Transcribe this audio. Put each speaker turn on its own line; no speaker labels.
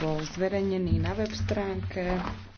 bol zverejnený na web stránke.